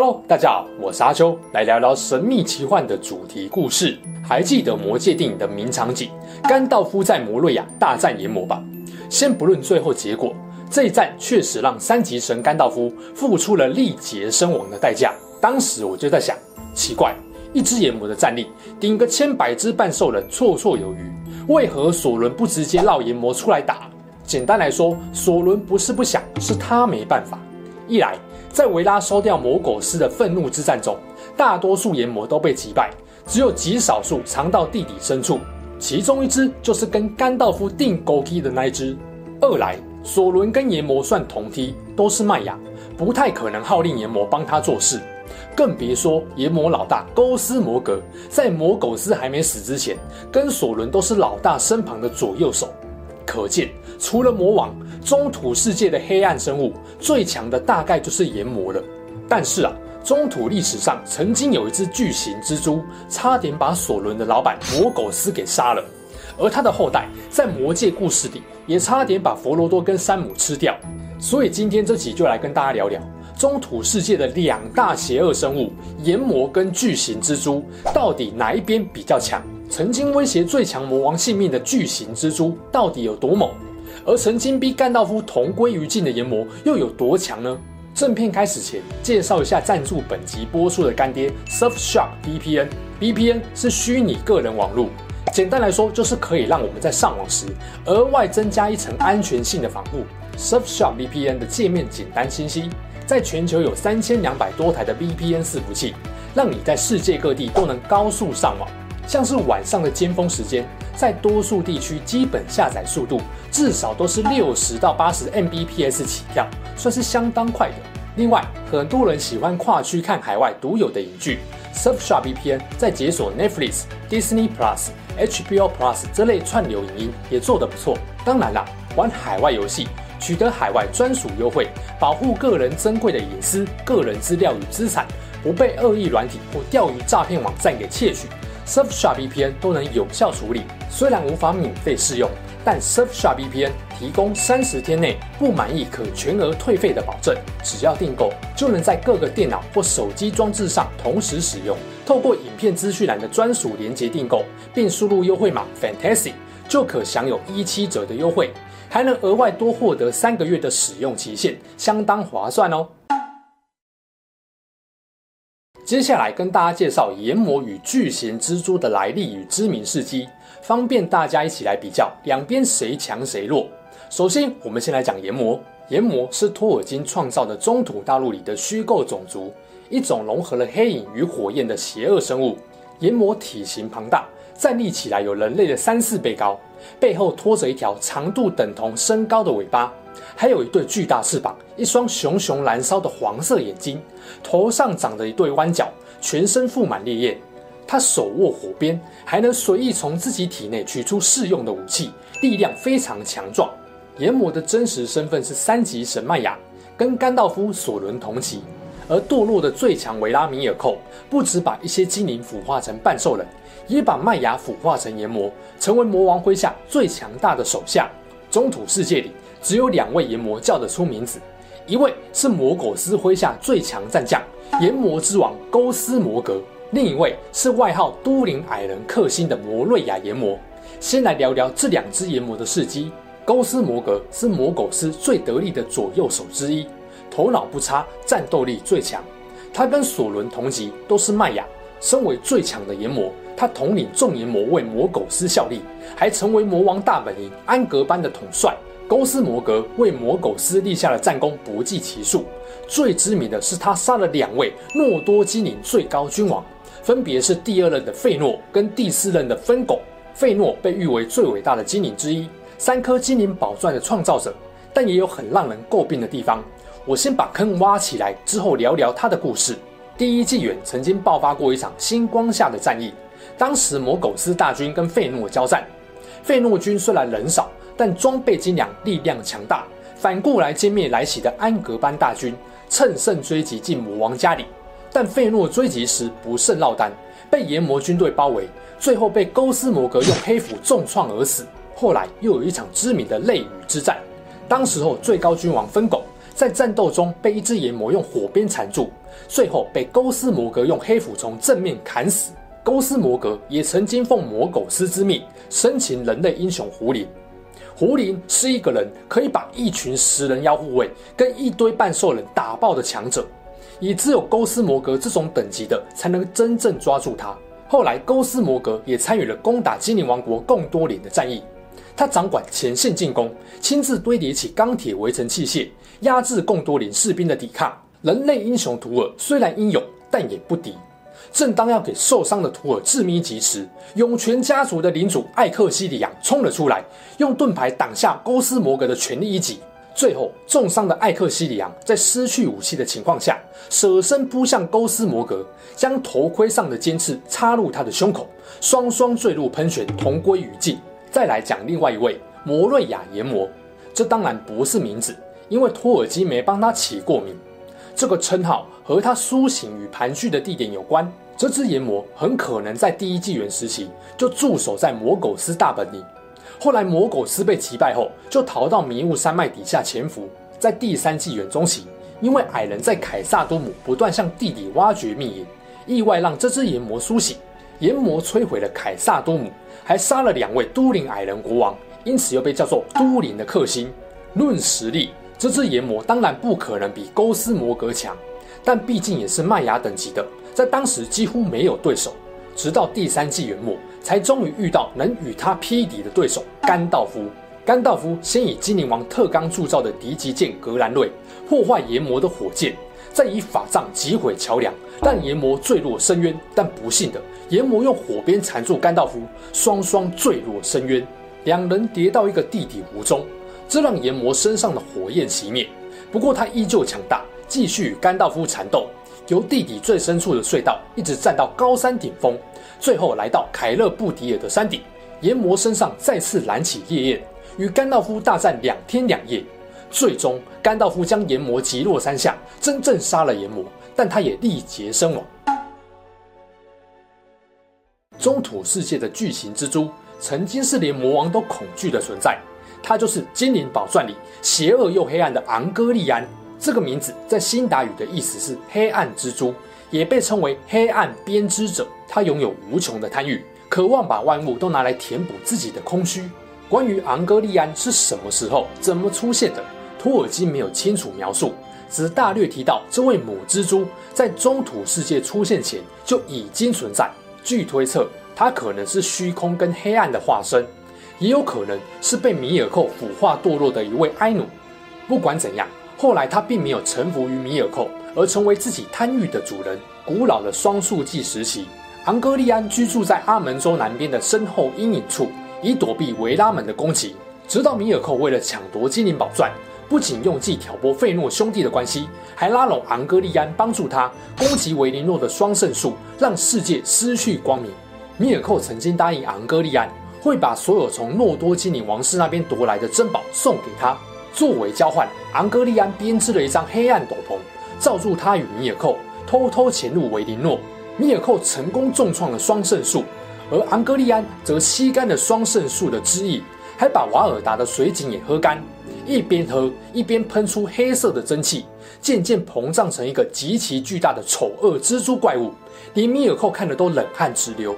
哈嘍，大家好，我是阿秋，來聊聊神秘奇幻的主題故事。還記得魔戒電影的名場景——甘道夫在摩瑞亞大戰炎魔吧？先不論最後結果，這一戰確實讓三級神甘道夫付出了力竭身亡的代價。當時我就在想，奇怪，一隻炎魔的戰力頂個千百隻半獸人綽綽有餘，為何索倫不直接繞炎魔出來打？簡單來說，索倫不是不想，是他沒辦法。一來，在維拉收掉魔苟斯的憤怒之戰中，大多數炎魔都被擊敗，只有極少數藏到地底深處，其中一隻就是跟甘道夫釘孤枝的那一隻。二來，索倫跟炎魔算同梯，都是邁雅，不太可能號令炎魔幫他做事，更別說炎魔老大勾斯魔格在魔苟斯還沒死之前，跟索倫都是老大身旁的左右手，可見。除了魔王，中土世界的黑暗生物最強的大概就是炎魔了。但是啊，中土歷史上曾經有一隻巨型蜘蛛，差點把索倫的老闆魔苟斯給殺了。而他的後代在魔戒故事裡也差點把佛羅多跟山姆吃掉。所以今天這集就來跟大家聊聊中土世界的兩大邪惡生物——炎魔跟巨型蜘蛛，到底哪一邊比較強？曾經威脅最強魔王性命的巨型蜘蛛到底有多猛？而曾經逼甘道夫同歸於盡的炎魔又有多強呢？正片開始前，介紹一下贊助本集播出的乾爹 Surfshark VPN。VPN 是虛擬個人網絡，簡單來說就是可以讓我們在上網時額外增加一層安全性的防護。Surfshark VPN 的界面簡單清晰，在全球有三千兩百多台的 VPN 伺服器，讓你在世界各地都能高速上網。像是晚上的尖峰時間，在多數地區基本下載速度至少都是六十到八十 Mbps 起跳，算是相當快的。另外，很多人喜歡跨區看海外獨有的影劇，Surfshark VPN 在解鎖 Netflix、Disney Plus、HBO Plus 這類串流影音也做得不錯。當然啦，玩海外遊戲取得海外專屬優惠，保護個人珍貴的隱私、個人資料與資產，不被惡意軟體或釣魚詐騙網站給竊取。Surfshark VPN 都能有效處理，雖然無法免費試用，但 Surfshark VPN 提供三十天內不滿意可全額退費的保證。只要訂購，就能在各個電腦或手機裝置上同時使用。透過影片資訊欄的專屬連結訂購，並輸入優惠碼 Fantasy，就可享有一七折的優惠，還能額外多獲得三個月的使用期限，相當划算哦。接下來跟大家介紹炎魔與巨型蜘蛛的來歷與知名事蹟，方便大家一起來比較兩邊誰強誰弱。首先，我們先來講炎魔。炎魔是托爾金創造的中土大陸裡的虛構種族，一種融合了黑影與火焰的邪惡生物。炎魔體型龐大，站立起來有人類的三四倍高。背後拖着一條長度等同身高的尾巴，還有一對巨大翅膀，一雙熊熊燃燒的黃色眼睛，頭上長着一對彎角，全身覆滿烈焰。他手握火鞭，還能隨意從自己體內取出適用的武器，力量非常強壯。炎魔的真實身份是三級神麥雅，跟甘道夫、索倫同級，而墮落的最強維拉米爾寇不止把一些精靈腐化成半獸人。也把麥雅腐化成炎魔，成為魔王麾下最強大的手下。中土世界裡只有兩位炎魔叫得出名字，一位是魔苟斯麾下最強戰將炎魔之王勾斯魔格，另一位是外號都靈矮人克星的摩瑞亞炎魔。先來聊聊這兩隻炎魔的事蹟。勾斯魔格是魔苟斯最得力的左右手之一，頭腦不差，戰鬥力最強。他跟索倫同級，都是麥雅，身為最強的炎魔。他統領眾炎魔為魔苟斯效力，還成為魔王大本營安格班的統帥。勾斯魔格為魔苟斯立下了戰功不計其數，最知名的是他殺了兩位諾多精靈最高君王，分別是第二任的費諾跟第四任的芬鞏。費諾被譽為最偉大的精靈之一，三顆精靈寶鑽的創造者，但也有很讓人詬病的地方。我先把坑挖起來，之後聊聊他的故事。第一紀元曾經爆發過一場星光下的戰役。當時魔苟斯大軍跟費諾交戰，費諾軍雖然人少，但裝備精良，力量強大，反過來殲滅來襲的安格班大軍，乘勝追擊進魔王家裡。但費諾追擊時不慎落單，被炎魔軍隊包圍，最後被勾斯魔格用黑斧重創而死。後來又有一場知名的淚雨之戰，當時候最高君王芬鞏，在戰鬥中被一隻炎魔用火鞭纏住，最後被勾斯魔格用黑斧從正面砍死。勾斯魔格也曾經奉魔苟斯之命，生擒人類英雄胡林。胡林是一個人可以把一群食人妖護衛跟一堆半獸人打爆的強者，也只有勾斯魔格這種等級的才能真正抓住他。後來，勾斯魔格也參與了攻打精靈王國貢多林的戰役，他掌管前線進攻，親自堆疊起鋼鐵圍城器械，壓制貢多林士兵的抵抗。人類英雄圖爾雖然英勇，但也不敵。正當要給受傷的圖爾致命一擊時，湧泉家族的領主艾克西里昂衝了出來，用盾牌擋下勾斯魔格的全力一擊。最後重傷的艾克西里昂在失去武器的情況下，舍身撲向勾斯魔格，將頭盔上的尖刺插入他的胸口，雙雙墜入噴泉，同歸於盡。再來講另外一位摩瑞亞炎魔，這當然不是名字，因為托爾基沒幫他起過名。這個稱號和他甦醒與盤踞的地點有關。這隻炎魔很可能在第一紀元時期就駐守在魔苟斯大本營，後來魔苟斯被擊敗後，就逃到迷霧山脈底下潛伏。在第三紀元中期，因為矮人在凱撒多姆不斷向地底挖掘秘銀，意外讓這隻炎魔甦醒。炎魔摧毀了凱撒多姆，還殺了兩位都靈矮人國王，因此又被叫做都靈的克星。論實力，這隻炎魔當然不可能比勾斯魔格強，但畢竟也是邁雅等級的。在當時幾乎沒有對手，直到第三紀元末，才終於遇到能與他匹敵的對手甘道夫。甘道夫先以精靈王特剛鑄造的敵擊劍格蘭瑞破壞炎魔的火箭，再以法杖擊毀橋樑，讓炎魔墜落深淵。但不幸的，炎魔用火鞭纏住甘道夫，雙雙墜落深淵，兩人跌到一個地底湖中，這讓炎魔身上的火焰熄滅。不過他依舊強大，繼續與甘道夫纏鬥。由地底最深處的隧道一直戰到高山頂峰，最後來到凱勒布迪爾的山頂，炎魔身上再次燃起烈焰，與甘道夫大戰兩天兩夜，最終甘道夫將炎魔擊落山下，真正殺了炎魔，但他也力竭身亡。中土世界的巨型蜘蛛曾經是連魔王都恐懼的存在，它就是《精靈寶鑽》裡邪惡又黑暗的昂哥立安。這個名字在辛達語的意思是“黑暗蜘蛛”，也被稱為“黑暗編織者”。它擁有無窮的貪慾，渴望把萬物都拿來填補自己的空虛。關於昂哥立安是什麼時候、怎麼出現的，托爾金沒有清楚描述，只大略提到這位母蜘蛛在中土世界出現前就已經存在。據推測，它可能是虛空跟黑暗的化身，也有可能是被米爾寇腐化墮落的一位埃努。不管怎樣。後來，他並沒有臣服於米爾寇，而成為自己貪欲的主人。古老的雙樹紀時期，昂哥立安居住在阿門洲南邊的深厚陰影處，以躲避維拉們的攻擊。直到米爾寇為了搶奪精靈寶鑽，不僅用計挑撥費諾兄弟的關係，還拉攏昂哥立安幫助他攻擊維林諾的雙聖樹，讓世界失去光明。米爾寇曾經答應昂哥立安，會把所有從諾多精靈王室那邊奪來的珍寶送給他。作為交換，昂哥立安編織了一張黑暗斗篷，罩住他與米爾寇，偷偷潛入維林諾。米爾寇成功重創了雙聖樹，而昂哥立安則吸乾了雙聖樹的汁液，還把瓦爾達的水井也喝乾。一邊喝一邊噴出黑色的蒸汽，漸漸膨脹成一個極其巨大的醜惡蜘蛛怪物，連米爾寇看得都冷汗直流。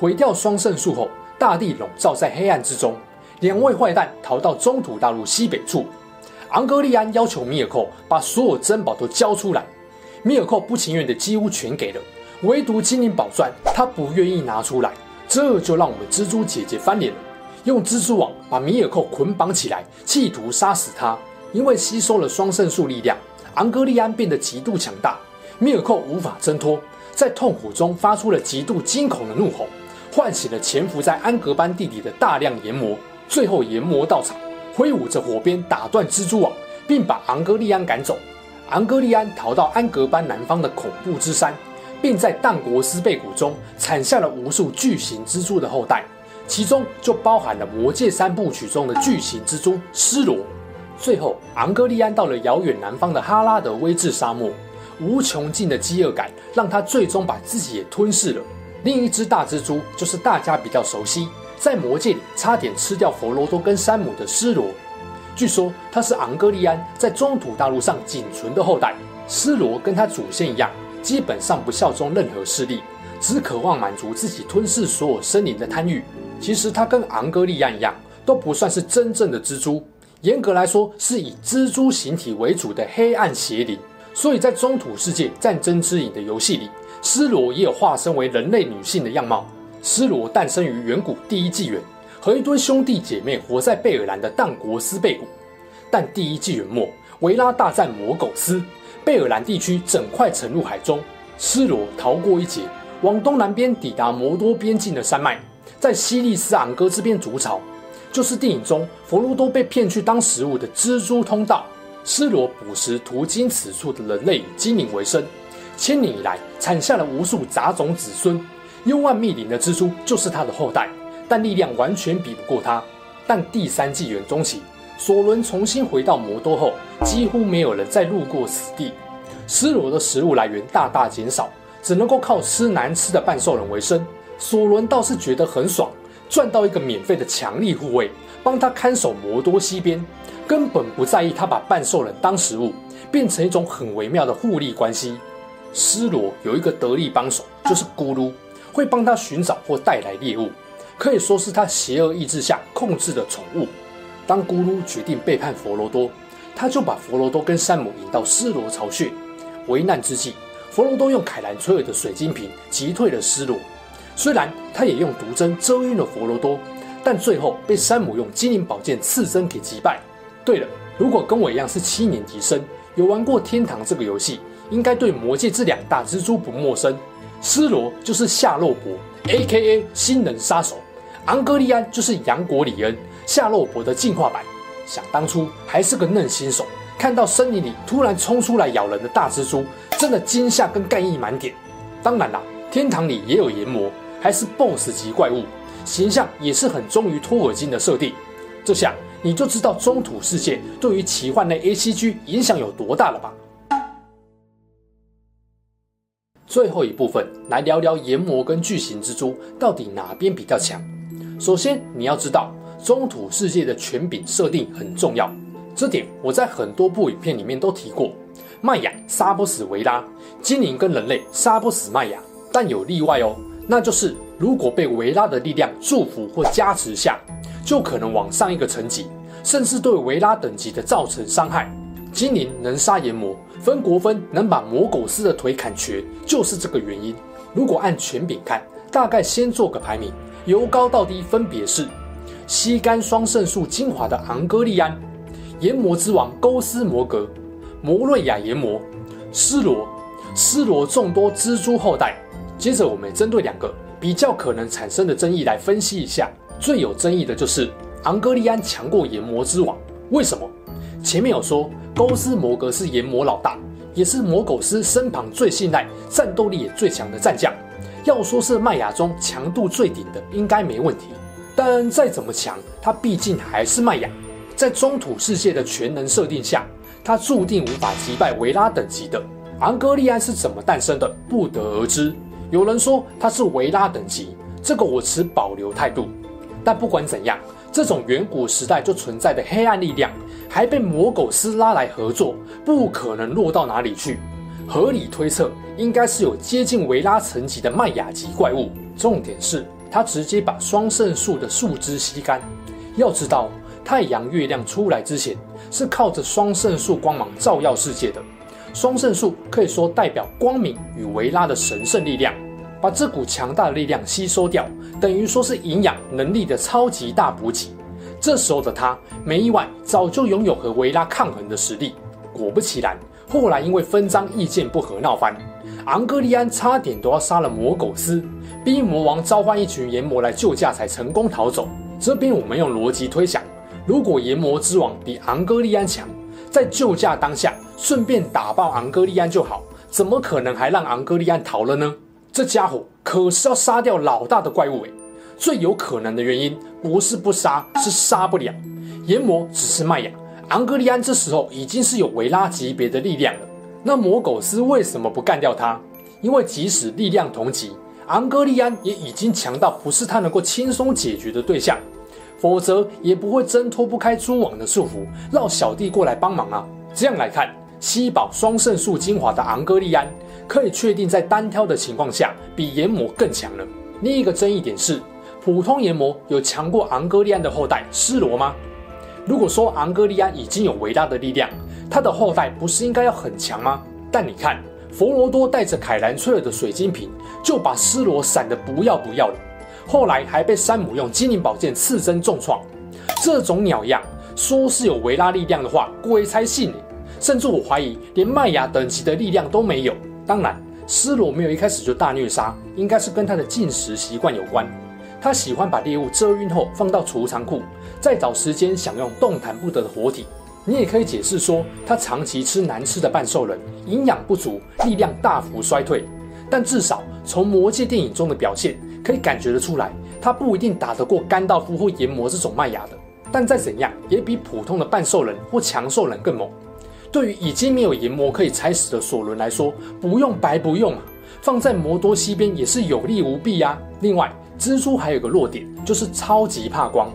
毀掉雙聖樹後，大地籠罩在黑暗之中。兩位壞蛋逃到中土大陸西北處，昂哥立安要求米爾寇把所有珍寶都交出來，米爾寇不情願的幾乎全給了，唯獨精靈寶鑽他不願意拿出來，這就讓我們蜘蛛姐姐翻臉了，用蜘蛛網把米爾寇捆綁起來，企圖殺死他。因為吸收了雙聖樹力量，昂哥立安變得極度強大，米爾寇無法掙脫，在痛苦中發出了極度驚恐的怒吼，喚醒了潛伏在安格班地底的大量炎魔。最後，炎魔到場，揮舞着火鞭打斷蜘蛛網，並把昂哥立安趕走。昂哥立安逃到安格班南方的恐怖之山，並在淡國斯貝谷中產下了無數巨型蜘蛛的後代，其中就包含了魔戒三部曲中的巨型蜘蛛屍羅。最後，昂哥立安到了遙遠南方的哈拉德威治沙漠，無窮盡的飢餓感讓他最終把自己也吞噬了。另一隻大蜘蛛就是大家比較熟悉。在魔戒裡差點吃掉佛羅多跟山姆的屍羅，據說他是昂哥立安在中土大陸上僅存的後代。屍羅跟他祖先一樣，基本上不效忠任何勢力，只渴望滿足自己吞噬所有生靈的貪欲。其實他跟昂哥立安一樣，都不算是真正的蜘蛛，嚴格來說是以蜘蛛形體為主的黑暗邪靈。所以在中土世界戰爭之影的遊戲裡，屍羅也有化身為人類女性的樣貌。屍羅誕生於遠古第一紀元，和一堆兄弟姐妹活在貝爾蘭的淡國斯貝谷。但第一紀元末，維拉大戰魔苟斯，貝爾蘭地區整塊沉入海中。屍羅逃過一劫，往東南邊抵達摩多邊境的山脈，在西利斯昂哥這邊築巢，就是電影中佛羅多被騙去當食物的蜘蛛通道。屍羅捕食途經此處的人類與精靈為生，千年以來產下了無數雜種子孫。幽暗密林的蜘蛛就是他的後代，但力量完全比不過他。但第三紀元中期，索倫重新回到摩多後，幾乎沒有人再路過此地。屍羅的食物來源大大減少，只能夠靠吃難吃的半獸人為生。索倫倒是覺得很爽，賺到一個免費的強力護衛，幫他看守摩多西邊，根本不在意他把半獸人當食物，變成一種很微妙的互利關係。屍羅有一個得力幫手，就是咕嚕。會幫他尋找或帶來獵物，可以說是他邪惡意志下控制的寵物。當咕嚕決定背叛佛羅多，他就把佛羅多跟山姆引到屍羅巢穴。危難之際，佛羅多用凱蘭崔爾的水晶瓶擊退了屍羅，雖然他也用毒針遮暈了佛羅多，但最後被山姆用精靈寶劍刺針給擊敗。對了，如果跟我一樣是七年級生，有玩過《天堂》這個遊戲，應該對魔界這兩大蜘蛛不陌生。屍羅就是夏洛伯，A.K.A. 新人殺手；昂哥立安就是楊國裡恩，夏洛伯的進化版。想當初還是個嫩新手，看到森林裡突然衝出來咬人的大蜘蛛，真的驚嚇跟幹意滿點。當然啦、啊，天堂裡也有炎魔，還是 BOSS 級怪物，形象也是很忠於托爾金的設定。這下你就知道中土世界對於奇幻類 A.C.G 影響有多大了吧？最後一部分來聊聊炎魔跟巨型蜘蛛到底哪邊比較強。首先，你要知道中土世界的權柄設定很重要，這點我在很多部影片裡面都提過。邁雅殺不死維拉，精靈跟人類殺不死邁雅，但有例外哦，那就是如果被維拉的力量祝福或加持下，就可能往上一個層級，甚至對維拉等級的造成傷害。精靈能殺炎魔，芬國昐能把魔苟斯的腿砍瘸，就是這個原因。如果按權柄看，大概先做個排名，由高到低分別是：吸乾雙聖樹精華的昂哥立安，炎魔之王勾斯魔格，摩瑞亞炎魔，屍羅，屍羅眾多蜘蛛後代。接着我們針對兩個比較可能產生的爭議來分析一下。最有爭議的就是昂哥立安強過炎魔之王，為什麼？前面有說。勾斯魔格是炎魔老大，也是魔苟斯身旁最信賴、戰鬥力也最強的戰將。要說是麥雅中強度最頂的，應該沒問題。但再怎麼強，他畢竟還是麥雅。在中土世界的全能設定下，他注定無法擊敗維拉等級的。昂哥立安是怎麼誕生的，不得而知。有人說他是維拉等級，這個我持保留態度。但不管怎樣。這種遠古時代就存在的黑暗力量，還被魔苟斯拉來合作，不可能弱到哪裡去。合理推測，應該是有接近維拉層級的麥雅級怪物。重點是，它直接把雙聖樹的樹枝吸乾。要知道，太陽、月亮出來之前，是靠着雙聖樹光芒照耀世界的。雙聖樹可以說代表光明與維拉的神聖力量。把這股強大的力量吸收掉，等於說是營養能力的超級大補給。這時候的他，沒意外早就擁有和維拉抗衡的實力。果不其然，後來因為分贓意見不合鬧翻，昂哥立安差點都要殺了魔苟斯，逼魔王召喚一群炎魔來救駕，才成功逃走。這邊我們用邏輯推想，如果炎魔之王比昂哥立安強，在救駕當下順便打爆昂哥立安就好，怎麼可能還讓昂哥立安逃了呢？這家伙可是要殺掉老大的怪物哎！最有可能的原因不是不殺，是殺不了。炎魔只是邁雅，昂哥立安這時候已經是有維拉級別的力量了。那魔苟斯為什麼不幹掉他？因為即使力量同級，昂哥立安也已經強到不是他能夠輕鬆解決的對象，否則也不會掙脫不開蛛網的束縛，讓小弟過來幫忙啊！這樣來看，吸飽雙聖樹精華的昂哥立安。可以確定，在單挑的情況下，比炎魔更強了。另一個爭議點是，普通炎魔有強過昂哥立安的後代屍羅嗎？如果說昂哥立安已經有維拉的力量，他的後代不是應該要很強嗎？但你看，佛羅多帶着凱蘭崔爾的水晶瓶，就把屍羅閃得不要不要了，後來還被山姆用精靈寶劍刺針重創，這種鳥樣，說是有維拉力量的話，鬼才信、欸。甚至我懷疑，連邁雅等級的力量都沒有。當然，屍羅沒有一開始就大虐殺，應該是跟他的進食習慣有關。他喜歡把獵物蟄暈後放到儲物倉庫，再找時間享用動彈不得的活體。你也可以解釋說，他長期吃難吃的半獸人，營養不足，力量大幅衰退。但至少從魔戒電影中的表現，可以感覺得出來，他不一定打得過甘道夫或炎魔這種麥芽的。但再怎樣，也比普通的半獸人或強獸人更猛。對於已經沒有炎魔可以踩死的索倫來說，不用白不用啊！放在魔多西邊也是有利無弊啊。另外，蜘蛛還有個弱點，就是超級怕光。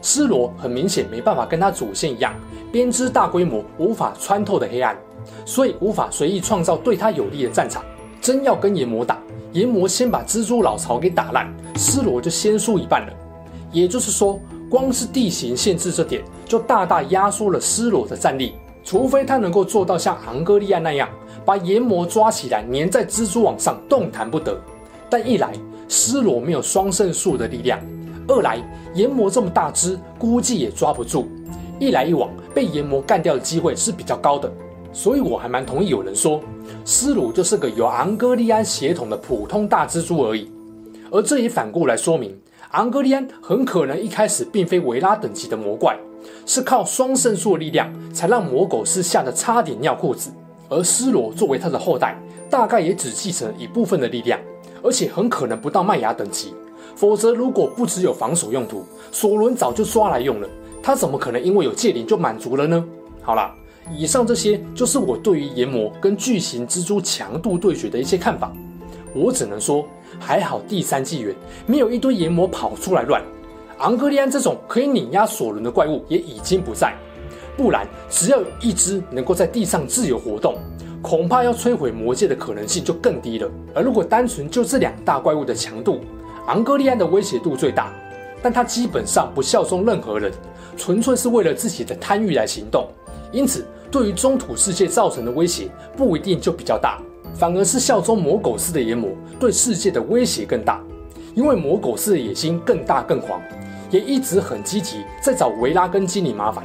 屍羅很明顯沒辦法跟他祖先一樣編織大規模無法穿透的黑暗，所以無法隨意創造對他有利的戰場。真要跟炎魔打，炎魔先把蜘蛛老巢給打爛，屍羅就先輸一半了。也就是說，光是地形限制這點，就大大壓縮了屍羅的戰力。除非他能夠做到像昂哥立安那樣，把炎魔抓起來粘在蜘蛛網上動彈不得。但一來，屍羅沒有雙聖樹的力量；二來，炎魔這麼大只，估計也抓不住。一來一往，被炎魔幹掉的機會是比較高的。所以，我還蠻同意有人說，屍羅就是個有昂哥立安血統的普通大蜘蛛而已。而這也反過來說明，昂哥立安很可能一開始並非維拉等級的魔怪。是靠雙聖樹的力量，才讓魔苟斯嚇得差點尿褲子。而屍羅作為他的後代，大概也只繼承了一部分的力量，而且很可能不到邁雅等級。否則，如果不只有防守用途，索倫早就抓來用了。他怎麼可能因為有戒靈就滿足了呢？好了，以上這些就是我對於炎魔跟巨型蜘蛛強度對決的一些看法。我只能說，還好第三紀元沒有一堆炎魔跑出來亂。昂哥立安這種可以碾壓索倫的怪物也已經不在，不然只要有一隻能夠在地上自由活動，恐怕要摧毀魔界的可能性就更低了。而如果單純就這兩大怪物的強度，昂哥立安的威脅度最大，但它基本上不效忠任何人，純粹是為了自己的貪慾來行動，因此對於中土世界造成的威脅不一定就比較大，反而是效忠魔苟斯的炎魔對世界的威脅更大，因為魔苟斯的野心更大更狂。也一直很積極，在找維拉跟精靈麻煩。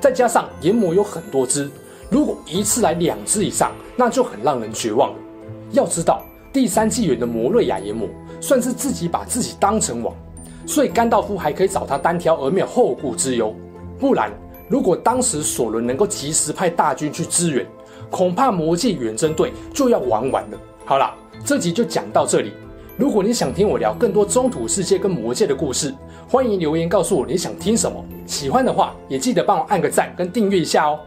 再加上炎魔有很多隻，如果一次來兩隻以上，那就很讓人絕望了。要知道，第三紀元的摩瑞雅炎魔算是自己把自己當成王，所以甘道夫還可以找他單挑而沒有後顧之憂。不然，如果當時索倫能夠及時派大軍去支援，恐怕魔戒遠征隊就要玩完了。好了，這集就講到這裡。如果你想聽我聊更多中土世界跟魔界的故事，歡迎留言告訴我你想聽什麼。喜歡的話，也記得幫我按個讚跟訂閱一下哦。